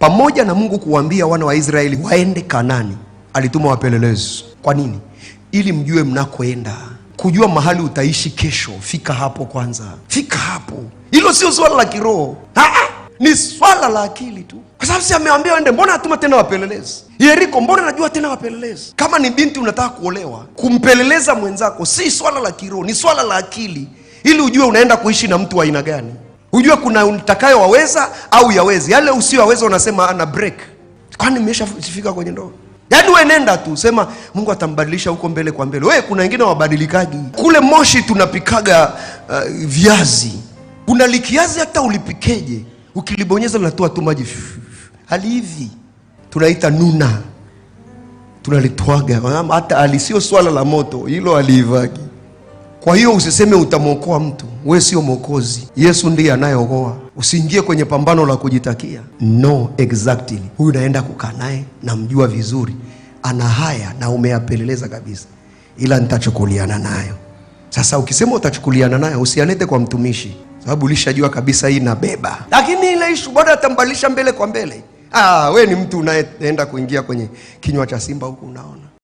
Pamoja na Mungu kuwaambia wana wa Israeli waende Kanani, alituma wapelelezi. Kwa nini? Ili mjue mnakoenda, kujua mahali utaishi kesho. Fika hapo kwanza, fika hapo. Hilo sio swala la kiroho, ni swala la akili tu, kwa sababu si ameambia waende, mbona atuma tena wapelelezi Yeriko? Mbona najua tena wapelelezi? Kama ni binti unataka kuolewa, kumpeleleza mwenzako si swala la kiroho, ni swala la akili, ili ujue unaenda kuishi na mtu wa aina gani ujue kuna waweza au yawezi. Yale usiyoweza unasema ana break, kwani nimeshafika kwenye ndoa? Yaani wenenda nenda tu sema Mungu atambadilisha huko mbele kwa mbele. We kuna wengine wabadilikaji. Kule Moshi tunapikaga uh, viazi. Kuna likiazi hata ulipikeje, ukilibonyeza linatoa tu maji hali hivi, tunaita nuna, tunalitwaga hata. Alisio swala la moto hilo, aliivagi kwa hiyo usiseme utamwokoa mtu, we sio mwokozi. Yesu ndiye anayeokoa. Usiingie kwenye pambano la kujitakia. No, exactly. Huyu naenda kukaa naye, namjua vizuri, ana haya na umeyapeleleza kabisa, ila nitachukuliana nayo. Sasa ukisema utachukuliana nayo, usianete kwa mtumishi, sababu ulishajua kabisa hii nabeba. Lakini ile ishu bado atambalisha mbele kwa mbele. Ah, we ni mtu unayeenda kuingia kwenye kinywa cha simba huku, unaona.